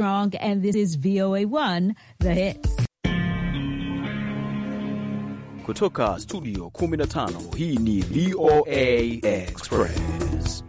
Strong, and this is VOA1 The Hits. Kutoka studio tano he ni VOA Express.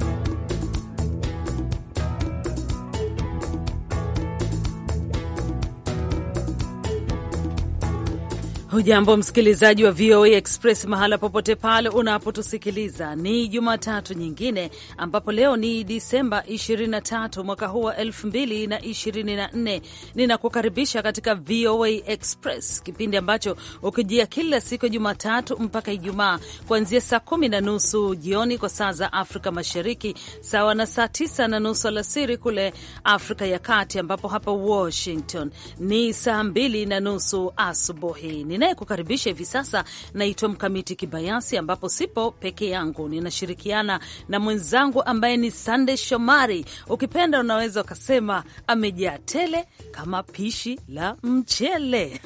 Hujambo msikilizaji wa VOA Express mahala popote pale unapotusikiliza, ni Jumatatu nyingine ambapo leo ni Disemba 23 mwaka huu wa 2024. Ninakukaribisha katika VOA Express, kipindi ambacho ukijia kila siku ya Jumatatu mpaka Ijumaa kuanzia saa kumi na nusu jioni kwa saa za Afrika Mashariki, sawa na saa tisa na nusu alasiri kule Afrika ya Kati, ambapo hapa Washington ni saa mbili na nusu asubuhi. Ninayekukaribisha hivi sasa naitwa Mkamiti Kibayasi, ambapo sipo peke yangu, ninashirikiana na mwenzangu ambaye ni Sande Shomari. Ukipenda unaweza ukasema amejaa tele kama pishi la mchele.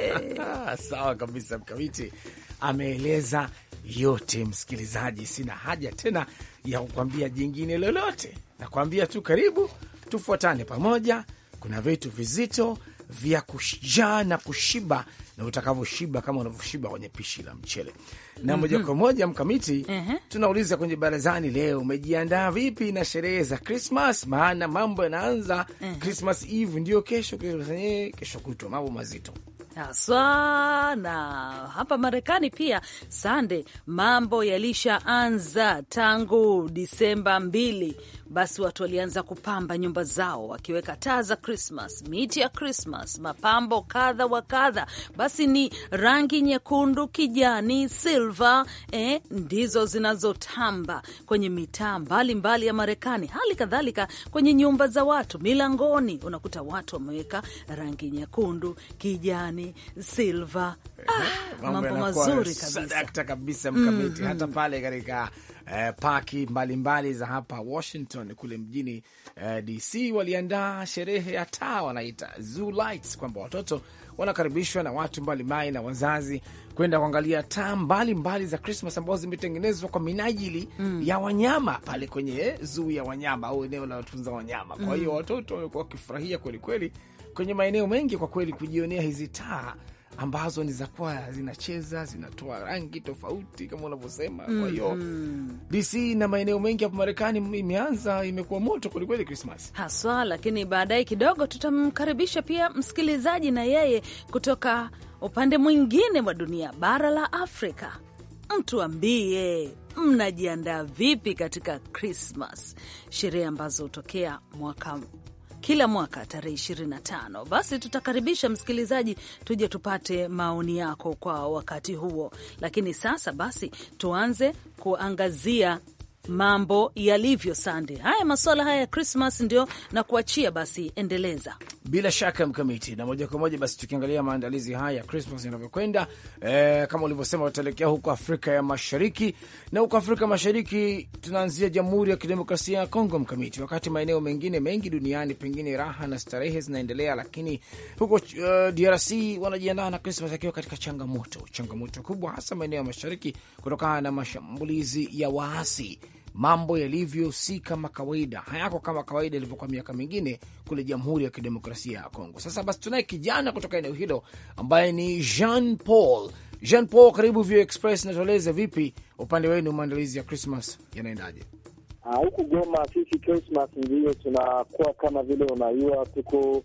Sawa kabisa, Mkamiti ameeleza yote msikilizaji, sina haja tena ya kukwambia jingine lolote, nakwambia tu karibu tufuatane pamoja. Kuna vitu vizito vya kujaa na kushiba na utakavyoshiba kama unavyoshiba kwenye pishi la mchele. Na moja mhm. kwa moja mkamiti, tunauliza kwenye barazani leo, umejiandaa vipi na sherehe za Krismas? Maana mambo yanaanza Krismas Eve, ndio kesho, kesho kutwa, mambo mazito sana hapa Marekani pia sande, mambo yalishaanza tangu Disemba mbili basi watu walianza kupamba nyumba zao wakiweka taa za Krismas, miti ya Krismas, mapambo kadha wa kadha. Basi ni rangi nyekundu, kijani, silva eh, ndizo zinazotamba kwenye mitaa mbalimbali ya Marekani, hali kadhalika kwenye nyumba za watu milangoni, unakuta watu wameweka rangi nyekundu, kijani, silva, Eh, ah, mambo mazuri kabisa kabisa mkamiti mm, hata mm. pale katika eh, paki mbalimbali za hapa Washington kule mjini eh, DC waliandaa sherehe ya taa wanaita zoo lights, kwamba watoto wanakaribishwa na watu mbalimbali na wazazi kwenda kuangalia taa mbalimbali za Krismas ambazo zimetengenezwa kwa minajili mm, ya wanyama pale kwenye eh, zoo ya wanyama au eneo la watunza wanyama. Kwa hiyo mm, watoto wamekuwa wakifurahia kwelikweli kwenye maeneo mengi kwa kweli kujionea hizi taa ambazo ni za kwaya zinacheza, zinatoa rangi tofauti kama unavyosema. Kwa hiyo mm -hmm. DC na maeneo mengi hapa Marekani imeanza, imekuwa moto kwelikweli Krismas haswa, lakini baadaye kidogo tutamkaribisha pia msikilizaji na yeye kutoka upande mwingine wa dunia, bara la Afrika. Mtuambie, mnajiandaa vipi katika Krismas, sherehe ambazo hutokea mwaka kila mwaka tarehe 25. Basi tutakaribisha msikilizaji, tuje tupate maoni yako kwa wakati huo, lakini sasa basi tuanze kuangazia mambo yalivyo sande. Haya maswala haya ya Krismas ndio na kuachia basi, endeleza bila shaka Mkamiti, na moja kwa moja basi tukiangalia maandalizi haya ya Krismas yanavyokwenda, e, kama ulivyosema, wataelekea huko Afrika ya Mashariki, na huko Afrika Mashariki tunaanzia Jamhuri ya Kidemokrasia ya Kongo Mkamiti. Wakati maeneo mengine mengi duniani pengine raha na starehe zinaendelea, lakini huko uh, eh, DRC wanajiandaa na Krismas akiwa katika changamoto, changamoto kubwa hasa maeneo ya mashariki kutokana na mashambulizi ya waasi mambo yalivyo si kama kawaida, hayako kama kawaida ilivyokuwa miaka mingine kule Jamhuri ya Kidemokrasia ya Kongo. Sasa basi, tunaye kijana kutoka eneo hilo ambaye ni Jean Paul. Jean Paul, karibu Vio Express, natueleze vipi upande wenu maandalizi ya Krismas yanaendaje? Ah, huku Goma sisi Krismas ndiyo tunakuwa kama vile unaiwa, tuko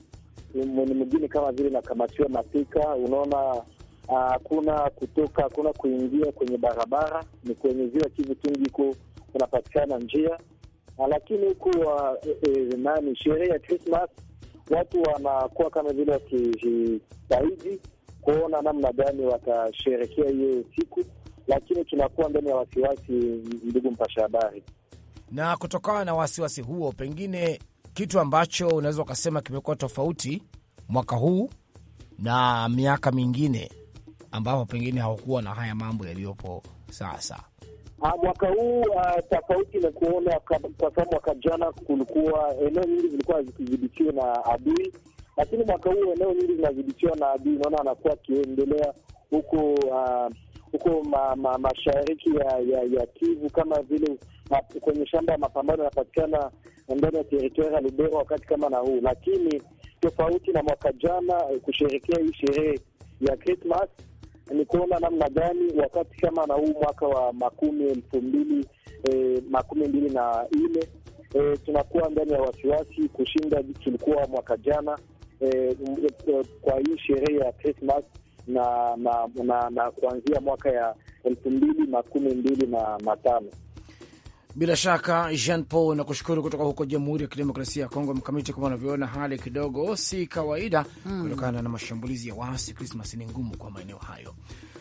ni mwingine kama vile nakamatiwa masika, unaona ah, hakuna kutoka, hakuna kuingia kwenye barabara, ni kwenye ziwa Kivu iko kunapatikana njia, lakini huku e, e, nani sherehe ya Christmas watu wanakuwa kama vile wakijitahidi kuona namna gani watasherekea hiyo siku, lakini tunakuwa ndani ya wasiwasi, ndugu mpasha habari. Na kutokana na wasiwasi huo, pengine kitu ambacho unaweza ukasema kimekuwa tofauti mwaka huu na miaka mingine ambapo pengine hawakuwa na haya mambo yaliyopo sasa Ha, ah, mwaka huu uh, tofauti na kuona kwa sababu mwaka jana kulikuwa eneo nyingi zilikuwa zikidhibitiwa na adui, lakini mwaka huu eneo nyingi zinadhibitiwa na adui. Naona anakuwa akiendelea huko uh, ah, huko ma, ma, mashariki ya, ya, ya Kivu kama vile kwenye shamba ya mapambano yanapatikana ndani ya teritoria ya Lubero wakati kama na huu, lakini tofauti na mwaka jana eh, kusherekea hii sherehe ya Christmas ni kuona namna gani wakati kama na huu mwaka wa makumi elfu mbili e, makumi mbili na nne e, tunakuwa ndani ya wasiwasi kushinda tulikuwa mwaka jana e, e, kwa hii sherehe ya Christmas na na, na na kuanzia mwaka ya elfu mbili makumi mbili na, na bila shaka Jean Paul nakushukuru kutoka huko Jamhuri ya Kidemokrasia ya Kongo. Mkamiti, kama unavyoona hali kidogo si kawaida mm, kutokana na mashambulizi ya waasi. Krismas ni ngumu kwa maeneo hayo.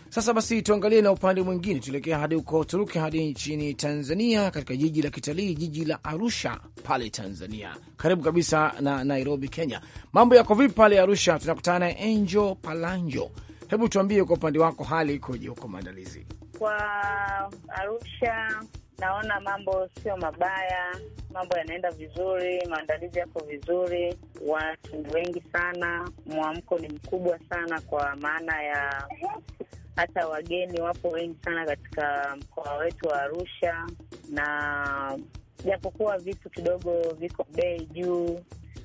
Sasa basi, tuangalie na upande mwingine, tuelekea hadi huko Uturuki hadi nchini Tanzania, katika jiji la kitalii, jiji la Arusha pale Tanzania, karibu kabisa na Nairobi, Kenya. Mambo yako vipi pale Arusha? Tunakutana na Angel Palanjo. Hebu tuambie kwa upande wako hali ikoje huko, maandalizi kwa Arusha? naona mambo sio mabaya, mambo yanaenda vizuri, maandalizi yako vizuri, watu wengi sana, mwamko ni mkubwa sana, kwa maana ya hata wageni wapo wengi sana katika mkoa wetu wa Arusha, na japokuwa vitu kidogo viko bei juu,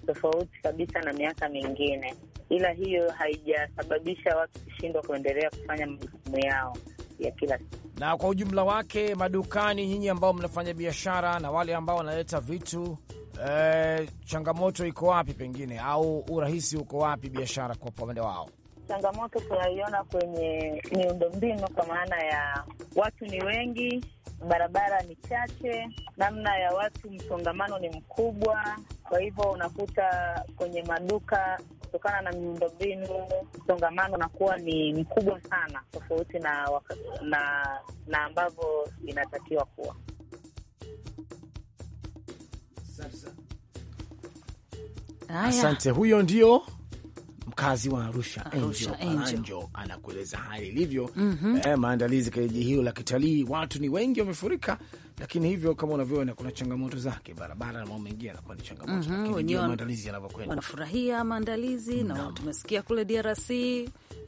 tofauti kabisa na miaka mingine, ila hiyo haijasababisha watu kushindwa kuendelea kufanya majukumu yao ya kila siku. Na kwa ujumla wake, madukani, nyinyi ambao mnafanya biashara na wale ambao wanaleta vitu e, changamoto iko wapi pengine, au urahisi uko wapi biashara kwa upande wao? Changamoto tunaiona kwenye miundombinu kwa maana ya watu ni wengi, barabara ni chache, namna ya watu, msongamano ni mkubwa. Kwa hivyo unakuta kwenye maduka kutokana na miundombinu, msongamano unakuwa ni mkubwa sana, tofauti na, na, na ambavyo inatakiwa kuwa. Asante, huyo ndio mkazi wa Arusha, Arusha Angel anakueleza hali ilivyo. mm -hmm. Eh, maandalizi kaiji hilo la kitalii, watu ni wengi wamefurika, lakini hivyo kama unavyoona kuna changamoto zake, barabara na mambo mengine yanakuwa ni changamoto. mm -hmm. Maandalizi yanavyokwenda, wanafurahia maandalizi na no. Tumesikia kule DRC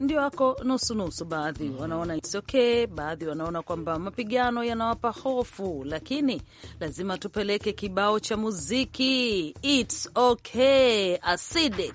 ndio wako nusu nusu, baadhi mm -hmm. wanaona it's okay, baadhi wanaona kwamba mapigano yanawapa hofu, lakini lazima tupeleke kibao cha muziki it's okay acidic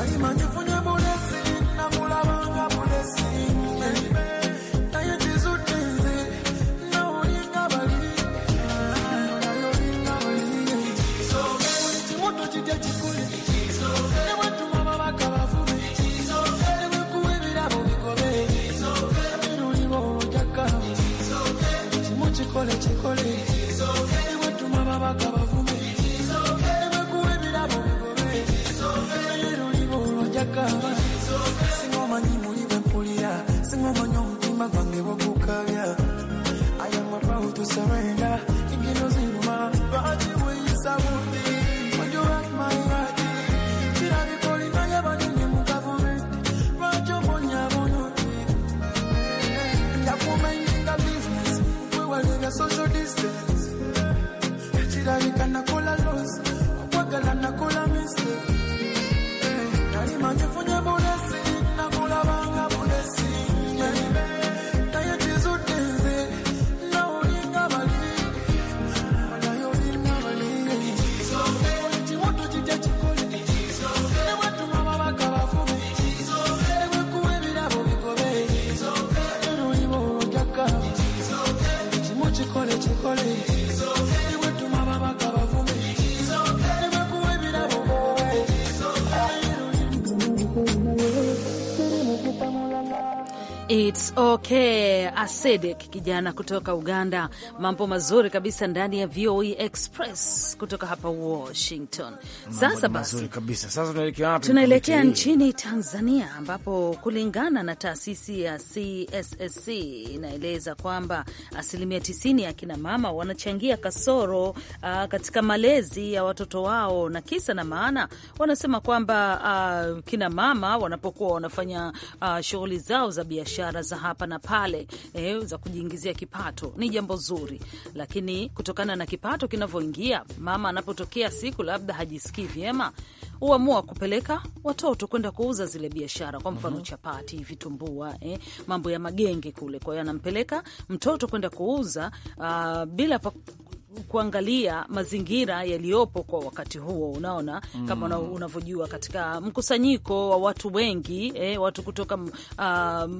daima nifunye bulesi namulabanga bulesi chokole chokole It's okay. Asedek kijana kutoka Uganda, mambo mazuri kabisa ndani ya VOE Express kutoka hapa Washington. Sasa basi kabisa, sasa tunaelekea wapi? Tunaelekea nchini Tanzania, ambapo kulingana na taasisi ya CSSC inaeleza kwamba asilimia 90 ya kina mama wanachangia kasoro uh, katika malezi ya watoto wao, na kisa na maana wanasema kwamba uh, kina mama wanapokuwa wanafanya uh, shughuli zao za biashara biashara za hapa na pale eh, za kujiingizia kipato ni jambo zuri, lakini kutokana na kipato kinavyoingia, mama anapotokea siku labda hajisikii vyema huamua kupeleka watoto kwenda kuuza zile biashara, kwa mfano mm -hmm. chapati, vitumbua, eh, mambo ya magenge kule. Kwa hiyo anampeleka mtoto kwenda kuuza uh, bila kuangalia mazingira yaliyopo kwa wakati huo, unaona mm. Kama unavyojua katika mkusanyiko wa watu wengi eh, watu kutoka uh,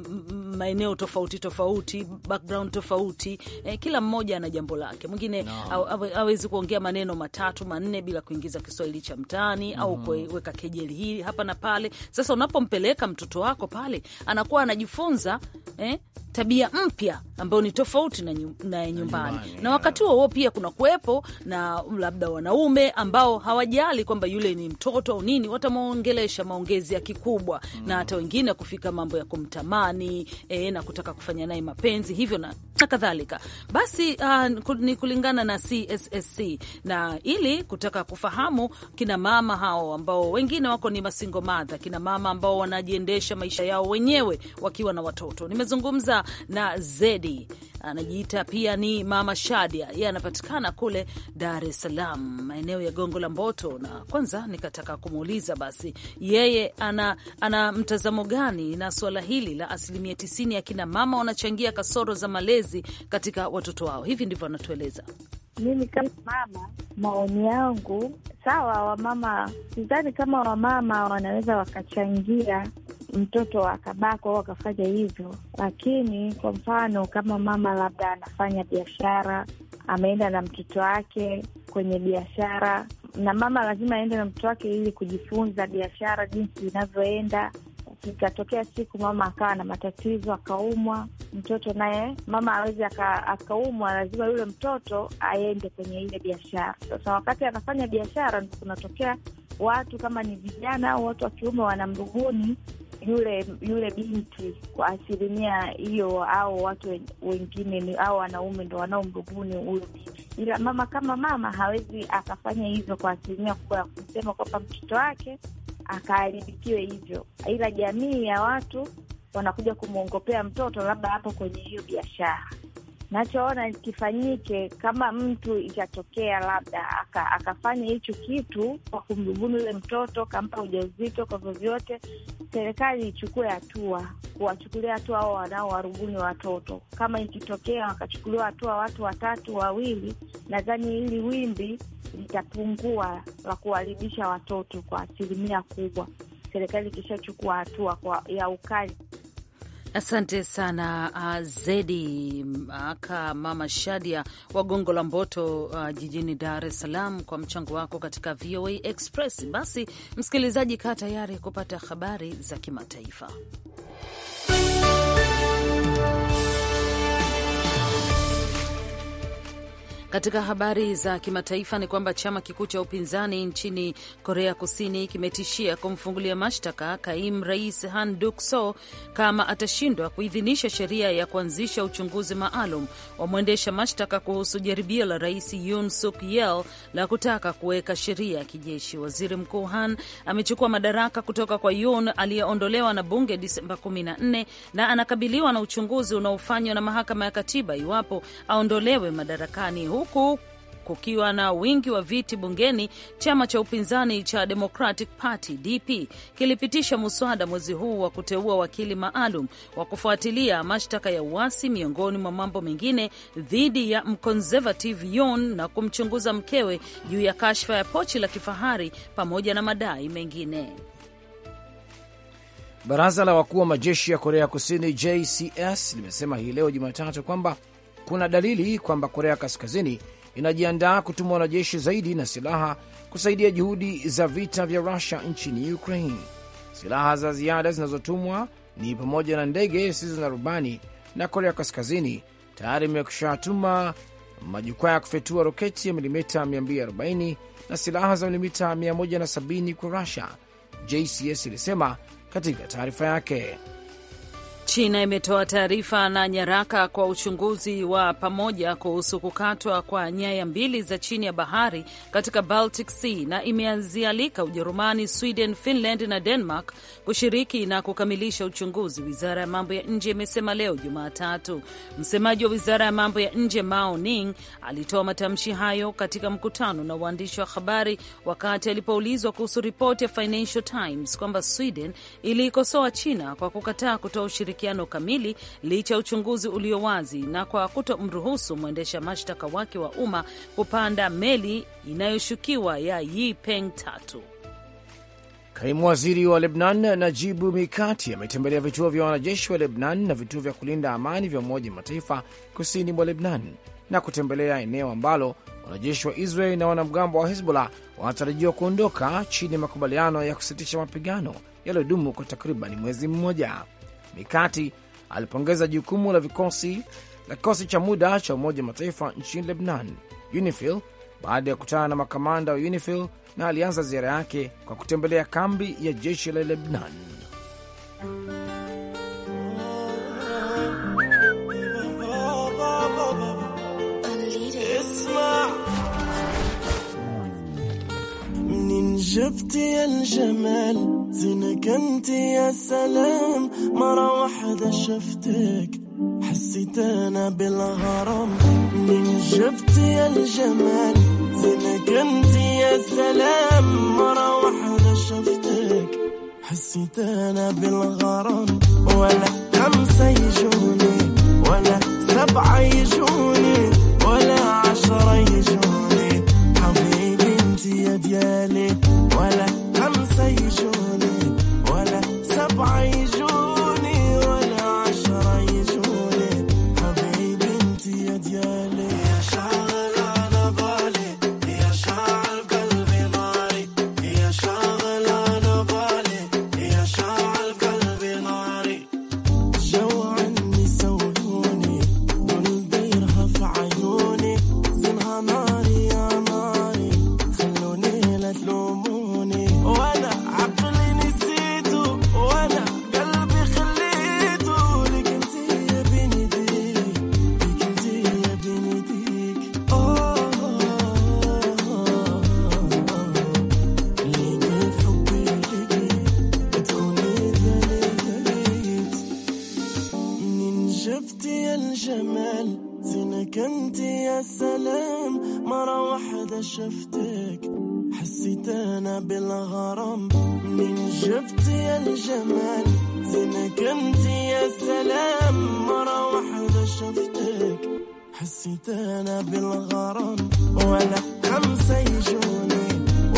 maeneo tofauti tofauti, background tofauti eh, kila mmoja ana jambo lake. Mwingine no. awezi kuongea maneno matatu manne bila kuingiza Kiswahili cha mtaani mm. au kuweka kejeli hii hapa na pale. Sasa unapompeleka mtoto wako pale, anakuwa anajifunza eh, tabia mpya ambayo ni tofauti na, na nyumbani na wakati huo pia kuna kuwepo na labda wanaume ambao hawajali kwamba yule ni mtoto au nini, watamwongelesha maongezi ya kikubwa mm. na hata wengine kufika mambo ya kumtamani e, na kutaka kufanya naye mapenzi hivyo na kadhalika. Basi uh, ni kulingana na CSSC na ili kutaka kufahamu kina mama hao ambao wengine wako ni masingo madha, kina mama ambao wanajiendesha maisha yao wenyewe wakiwa na watoto. Nimezungumza na Zedi anajiita pia ni Mama Shadia, yeye anapatikana kule Dar es Salaam, maeneo ya Gongo la Mboto. Na kwanza nikataka kumuuliza basi yeye ana, ana mtazamo gani na suala hili la asilimia tisini ya kina mama wanachangia kasoro za malezi katika watoto wao. Hivi ndivyo anatueleza. Mimi kama mama, maoni yangu sawa, wamama sidhani kama wamama wanaweza wakachangia mtoto akabakwa au akafanya hivyo. Lakini kwa mfano kama mama labda anafanya biashara, ameenda na mtoto wake kwenye biashara, na mama lazima aende na mtoto wake ili kujifunza biashara jinsi inavyoenda. Ikatokea siku mama akawa na matatizo, akaumwa mtoto naye, mama awezi akaumwa, lazima yule mtoto aende kwenye ile biashara. Sasa wakati anafanya biashara, kunatokea watu kama ni vijana au watu wa kiume yule yule binti kwa asilimia hiyo, au watu wengine ni au wanaume ndo wanaomrubuni huyo binti, ila mama kama mama hawezi akafanya hivyo kwa asilimia kubwa ya kusema kwamba mtoto wake akaharibikiwe hivyo, ila jamii ya watu wanakuja kumwongopea mtoto labda hapo kwenye hiyo biashara nachoona kifanyike kama mtu itatokea labda aka, akafanya hicho kitu kwa kumdhubuni yule mtoto, kampa ujauzito, kwa vyovyote, serikali ichukue hatua kuwachukulia hatua hao wanaowarubuni watoto. Kama ikitokea wakachukuliwa hatua watu watatu wawili, nadhani hili wimbi litapungua la kuwaribisha watoto kwa asilimia kubwa, serikali ikishachukua hatua kwa ya ukali. Asante sana uh, Zedi aka Mama Shadia wa Gongo la Mboto uh, jijini Dar es Salaam kwa mchango wako katika VOA Express. Basi msikilizaji, kaa tayari kupata habari za kimataifa. Katika habari za kimataifa ni kwamba chama kikuu cha upinzani nchini Korea Kusini kimetishia kumfungulia mashtaka kaimu rais Han Duck-soo kama atashindwa kuidhinisha sheria ya kuanzisha uchunguzi maalum wa mwendesha mashtaka kuhusu jaribio la rais Yoon Suk Yeol la kutaka kuweka sheria ya kijeshi. Waziri Mkuu Han amechukua madaraka kutoka kwa Yoon aliyeondolewa na bunge Disemba 14 na anakabiliwa na uchunguzi unaofanywa na mahakama ya katiba iwapo aondolewe madarakani huku kukiwa na wingi wa viti bungeni, chama cha upinzani cha Democratic Party DP kilipitisha muswada mwezi huu wa kuteua wakili maalum wa kufuatilia mashtaka ya uasi miongoni mwa mambo mengine dhidi ya mconservative Yoon na kumchunguza mkewe juu ya kashfa ya pochi la kifahari pamoja na madai mengine. Baraza la wakuu wa majeshi ya Korea Kusini JCS limesema hii leo Jumatatu kwamba kuna dalili kwamba Korea Kaskazini inajiandaa kutuma wanajeshi zaidi na silaha kusaidia juhudi za vita vya Rusia nchini Ukraine. Silaha za ziada zinazotumwa ni pamoja na ndege zisizo na rubani, na Korea Kaskazini tayari imekushatuma majukwaa ya kufyatua roketi ya milimita 240 na silaha za milimita 170 kwa Rusia, JCS ilisema katika taarifa yake. China imetoa taarifa na nyaraka kwa uchunguzi wa pamoja kuhusu kukatwa kwa nyaya mbili za chini ya bahari katika Baltic Sea na imezialika Ujerumani, Sweden, Finland na Denmark kushiriki na kukamilisha uchunguzi, wizara ya mambo ya nje imesema leo Jumatatu. Msemaji wa wizara ya mambo ya nje Mao Ning alitoa matamshi hayo katika mkutano na waandishi wa habari wakati alipoulizwa kuhusu ripoti ya Financial Times kwamba Sweden iliikosoa China kwa kukataa kutoa ushiriki ushirikiano kamili licha ya uchunguzi ulio wazi na kwa kutomruhusu mwendesha mashtaka wake wa umma kupanda meli inayoshukiwa ya peng tatu. Kaimu waziri wa Lebnan Najibu Mikati ametembelea vituo vya wanajeshi wa Lebnan na vituo vya kulinda amani vya Umoja Mataifa kusini mwa Lebnan na kutembelea eneo ambalo wanajeshi wa Israel na wanamgambo wa Hezbollah wanatarajiwa kuondoka chini ya makubaliano ya kusitisha mapigano yaliyodumu kwa takriban mwezi mmoja. Mikati alipongeza jukumu la vikosi la kikosi cha muda cha Umoja Mataifa nchini Lebnan, UNIFIL, baada ya kukutana na makamanda wa UNIFIL na alianza ziara yake kwa kutembelea kambi ya jeshi la Lebnan. حزنك انت يا سلام مرة واحدة شفتك حسيت انا بالغرام من جبت يا الجمال زينك انت يا سلام مرة واحدة شفتك حسيت انا بالغرام ولا خمسة يجوني ولا سبعة يجوني ولا عشرة يجوني حبيبي انت يا ديالي ولا sunshine. حسيت انا بالغرام ولا خمسة يجوني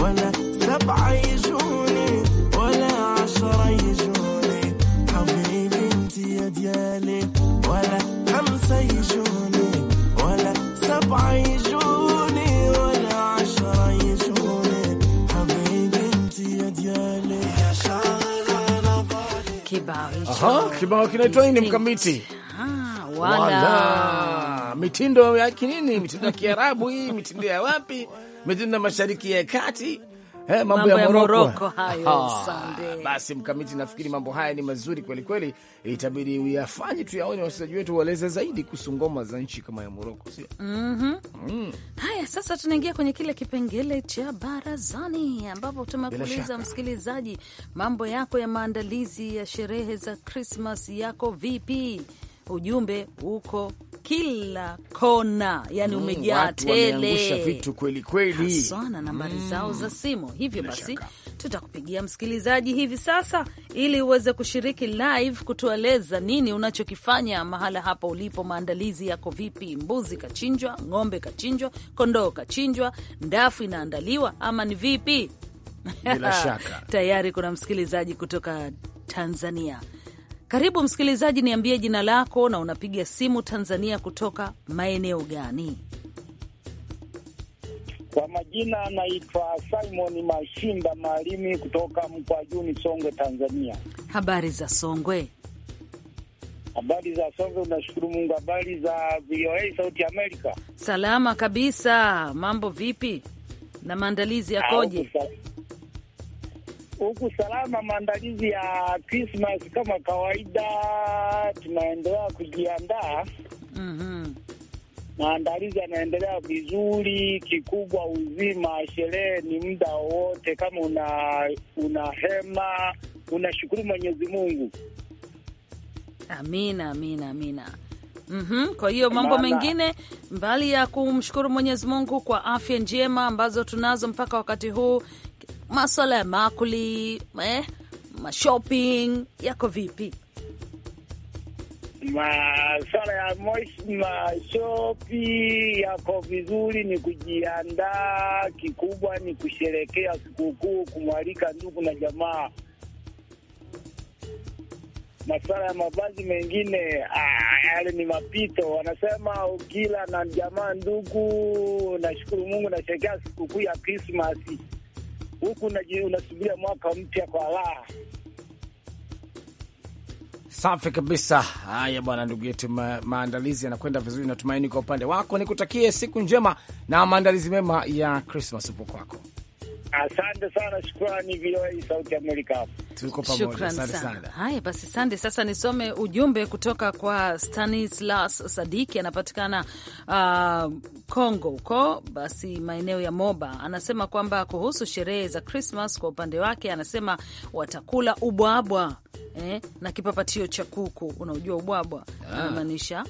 ولا سبعة يجوني ولا عشرة يجوني حبيبي انت يا ديالي ولا خمسة يجوني ولا سبعة يجوني ولا عشرة يجوني حبيبي انت يا ديالي يا شاغل انا بالي كيباو كيباو kinaitwa nini mkamiti wala mitindo ya kinini, mitindo ya Kiarabu hii, mitindo ya wapi, mitindo ya Mashariki ya Kati. Hey, eh, mambo, ya Moroko hayo. Basi mkamiti, nafikiri mambo haya ni mazuri kweli kweli, itabidi uyafanye tu yaone, wachezaji wetu waeleze zaidi kuhusu ngoma za nchi kama ya Moroko, sio? mm -hmm. mm. Haya, sasa tunaingia kwenye kile kipengele cha barazani, ambapo tumekuuliza msikilizaji, mambo yako ya maandalizi ya sherehe za Krismas yako vipi? Ujumbe huko kila kona, yani mm, umejaa tele vitu kweli kweli, sana nambari mm, zao za simu. Hivyo basi tutakupigia msikilizaji hivi sasa, ili uweze kushiriki live, kutueleza nini unachokifanya mahala hapa ulipo, maandalizi yako vipi? Mbuzi kachinjwa, ng'ombe kachinjwa, kondoo kachinjwa, ndafu inaandaliwa ama ni vipi? Bila shaka tayari kuna msikilizaji kutoka Tanzania karibu msikilizaji, niambie jina lako na unapiga simu Tanzania kutoka maeneo gani? Kwa majina anaitwa Simon Mashinda Maalimi kutoka Mkwajuni, Songwe, Tanzania. Habari za Songwe? Habari za Songwe, unashukuru Mungu. Habari za VOA Sauti Amerika? Salama kabisa. Mambo vipi na maandalizi yakoje? Au, huku salama. Maandalizi ya Krismas kama kawaida, tunaendelea kujiandaa mm -hmm. Maandalizi yanaendelea vizuri. Kikubwa uzima sherehe ni muda wowote, kama una una hema, unashukuru Mwenyezi Mungu. Amina, amina, amina. Mm -hmm. Kwa hiyo mambo mengine mbali ya kumshukuru Mwenyezi Mungu kwa afya njema ambazo tunazo mpaka wakati huu maswala ya makuli eh, mashopping yako vipi? Maswala ya mashopi yako vizuri, ni kujiandaa. Kikubwa ni kusherekea sikukuu, kumwalika ndugu na jamaa. Maswala ya mavazi mengine ah, yale ni mapito. Wanasema ukila na jamaa ndugu. Nashukuru Mungu, nasherekea sikukuu ya Krismasi huku unasubiria mwaka mpya kwa raha. Safi kabisa. Haya bwana, ndugu yetu, ma maandalizi yanakwenda vizuri, natumaini kwa upande wako. Nikutakie siku njema na maandalizi mema ya Krismas upo kwako. Asante sana, shukrani VOA Sauti Amerika, tuko pamoja sana. Haya basi, sande. Sasa nisome ujumbe kutoka kwa Stanislas Sadiki, anapatikana uh, Kongo huko, basi maeneo ya Moba. Anasema kwamba kuhusu sherehe za Krismas kwa upande wake anasema watakula ubwabwa eh, na kipapatio cha kuku. Unaujua ubwabwa, ah. anamaanisha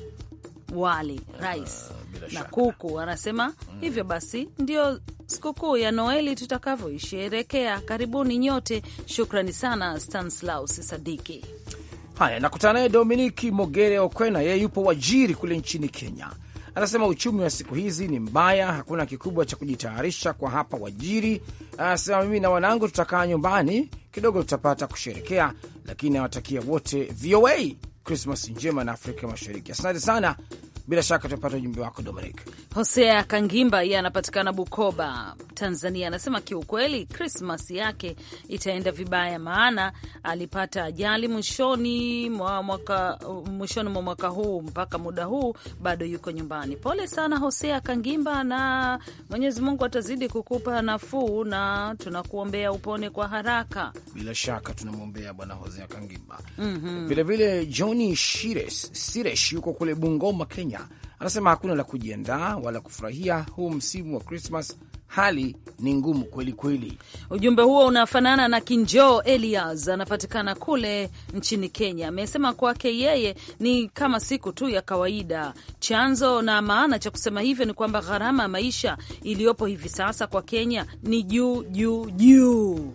wali, rais uh, na kuku. Anasema mm. hivyo basi ndio sikukuu ya Noeli tutakavyoisherekea. Karibuni nyote, shukrani sana Stanislaus Sadiki. Haya, nakutana naye Dominiki Mogere Okwena, yeye yupo Wajiri kule nchini Kenya. Anasema uchumi wa siku hizi ni mbaya, hakuna kikubwa cha kujitayarisha kwa hapa Wajiri. Anasema mimi na wanangu tutakaa nyumbani kidogo, tutapata kusherekea, lakini nawatakia wote VOA Krismas njema na Afrika Mashariki. Asante sana Bila shaka tumepata ujumbe wako Dominic. Hosea Kangimba yeye anapatikana Bukoba, Tanzania, anasema kiukweli Krismas yake itaenda vibaya, maana alipata ajali mwishoni mwa mwaka, mwishoni mwa mwaka huu mpaka muda huu bado yuko nyumbani. Pole sana Hosea Kangimba, na Mwenyezi Mungu atazidi kukupa nafuu na tunakuombea upone kwa haraka. Bila shaka tunamwombea bwana Hosea Kangimba. mm -hmm. Vilevile Johni Shires Sires yuko kule Bungoma, Kenya Anasema hakuna la kujiandaa wala kufurahia huu msimu wa Krismas. Hali ni ngumu kweli kweli. Ujumbe huo unafanana na kinjo Elias anapatikana kule nchini Kenya. Amesema kwake yeye ni kama siku tu ya kawaida. Chanzo na maana cha kusema hivyo ni kwamba gharama ya maisha iliyopo hivi sasa kwa Kenya ni juu juu juu.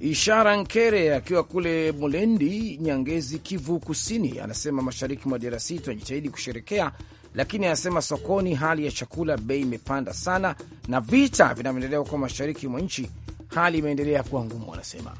Ishara Nkere akiwa kule Mulendi Nyangezi, Kivu Kusini, anasema mashariki mwa DRC tunajitahidi kusherekea lakini anasema sokoni, hali ya chakula bei imepanda sana, na vita vinavyoendelea huko mashariki mwa nchi, hali imeendelea kuwa ngumu, wanasema.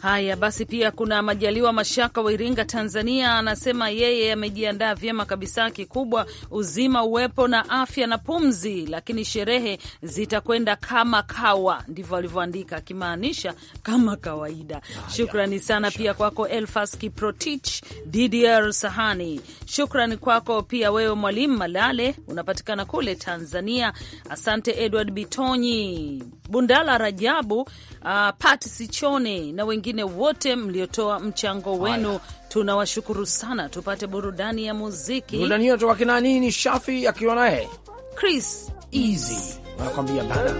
Haya basi, pia kuna Majaliwa Mashaka wa Iringa, Tanzania, anasema yeye amejiandaa vyema kabisa, kikubwa uzima uwepo na afya na pumzi, lakini sherehe zitakwenda kama kawa. Ndivyo alivyoandika akimaanisha kama kawaida. Shukrani sana pia kwako Elfas Kiprotich, DDR Sahani. Shukrani kwako pia wewe mwalimu Malale, unapatikana kule Tanzania. Asante Edward Bitonyi Bundala Rajabu, uh, Pat Sichone na wengine wote mliotoa mchango wenu, tunawashukuru sana. Tupate burudani ya muziki. Burudani hiyo toka kina nini? Shafi akiwa naye Chris Easy wanakwambia bana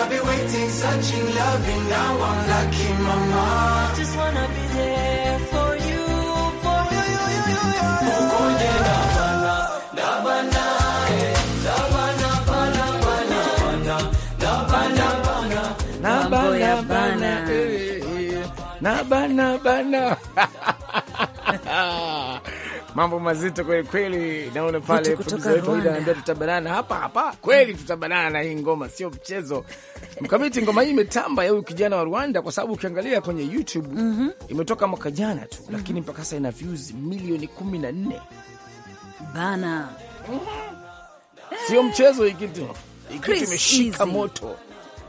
I've been waiting, searching, loving. Now I'm lucky, mama. I just wanna be there for you, for you, you, you, you, you. Mukonde dabana, na dabana, na bana, bana, na bana, eh. na bana, bana, bana, bana. Mambo mazito kweli kweli, naona pale anambia tutabanana hapa hapa kweli, tutabanana na hii ngoma sio mchezo mkamiti. Ngoma hii imetamba ya huyu kijana wa Rwanda, kwa sababu ukiangalia kwenye YouTube mm -hmm. imetoka mwaka jana tu mm -hmm. lakini mpaka sasa ina views milioni kumi na nne bana, sio mchezo hiki kitu, imeshika moto,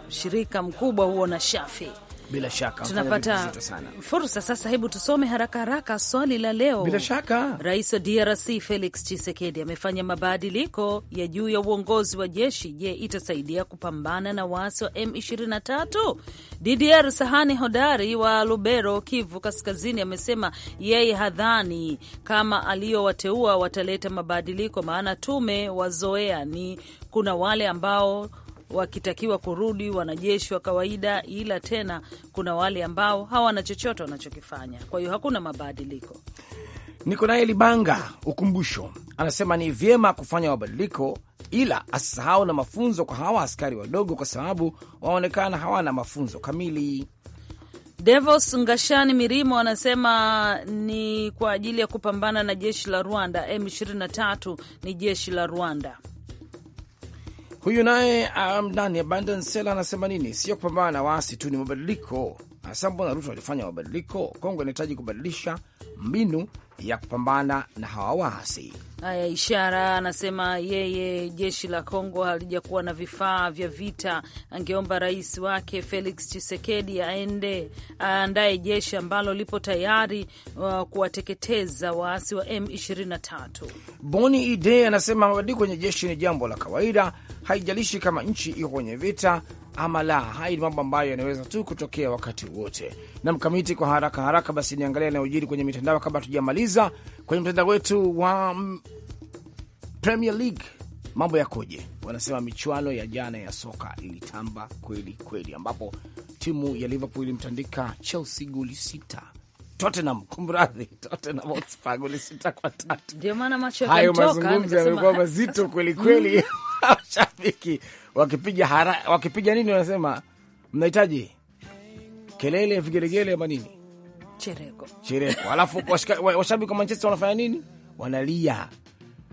shirika mkubwa huo na Shafi bila shaka tunapata fursa sasa. Hebu tusome haraka haraka swali la leo. Bila shaka, rais wa DRC Felix Tshisekedi amefanya mabadiliko ya juu ya uongozi wa jeshi. Je, itasaidia kupambana na waasi wa M23? DDR Sahani Hodari wa Lubero, Kivu Kaskazini, amesema yeye hadhani kama aliyowateua wataleta mabadiliko, maana tume wazoea ni kuna wale ambao wakitakiwa kurudi wanajeshi wa kawaida, ila tena kuna wale ambao hawana chochote wanachokifanya. Kwa hiyo hakuna mabadiliko. Niko naye Libanga Ukumbusho anasema ni vyema kufanya mabadiliko, ila asisahau na mafunzo kwa hawa askari wadogo, kwa sababu waonekana hawana mafunzo kamili. Devos Ngashani Mirimo anasema ni kwa ajili ya kupambana na jeshi la Rwanda. M23 ni jeshi la Rwanda. Huyu naye um, nani Abandon Sela anasema nini? Sio kupambana na waasi tu, ni mabadiliko. Hasa mbona Ruto alifanya mabadiliko? Kongo inahitaji kubadilisha mbinu ya kupambana na hawa waasi. Haya, Ishara anasema yeye jeshi la Kongo halijakuwa na vifaa vya vita, angeomba rais wake Felix Tshisekedi aende aandaye jeshi ambalo lipo tayari uh, kuwateketeza waasi wa M23. Boni Ide anasema mabadiliko kwenye jeshi ni jambo la kawaida, haijalishi kama nchi iko kwenye vita, ama la. Haya ni mambo ambayo yanaweza tu kutokea wakati wote. Na mkamiti, kwa haraka haraka basi niangalia yanayojiri kwenye mitandao kabla hatujamaliza. Kwenye mtandao wetu wa Premier League mambo yakoje? Wanasema michuano ya jana ya soka ilitamba kweli kweli, ambapo timu ya Liverpool ilimtandika Chelsea goli sita Tottenham, kumradhi, Tottenham Hotspur goli sita kwa tatu. Ndio maana macho hayo mazungumzo yamekuwa mazito kweli kweli. Shabiki wakipiga hara, wakipiga nini, wanasema mnahitaji kelele, vigelegele ama nini, chereko chereko. Alafu washabiki wa Manchester wanafanya nini? Wanalia,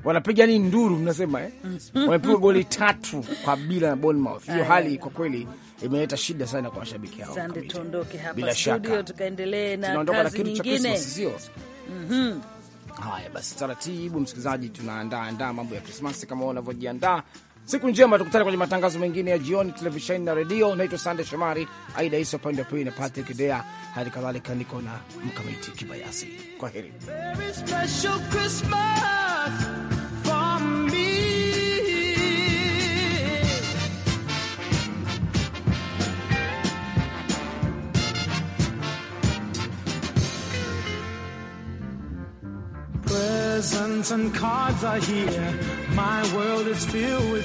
wanapiga nini, nduru mnasema eh? wamepiga goli tatu kwa bila na Bournemouth. Hiyo hali kwa kweli imeleta shida sana kwa washabiki hao. Sande, tuondoke hapa bila studio tukaendelee na kazi nyingine, sio mhm. Haya basi, taratibu msikilizaji, tunaandaa andaa mambo ya Krismasi kama unavyojiandaa Siku njema, tukutane kwenye matangazo mengine ya jioni, televisheni na redio. Naitwa Sande Shomari, Aida Isa upande wa pili na Patrick Dea, hali kadhalika niko na Mkamiti Kibayasi. Kwa heri.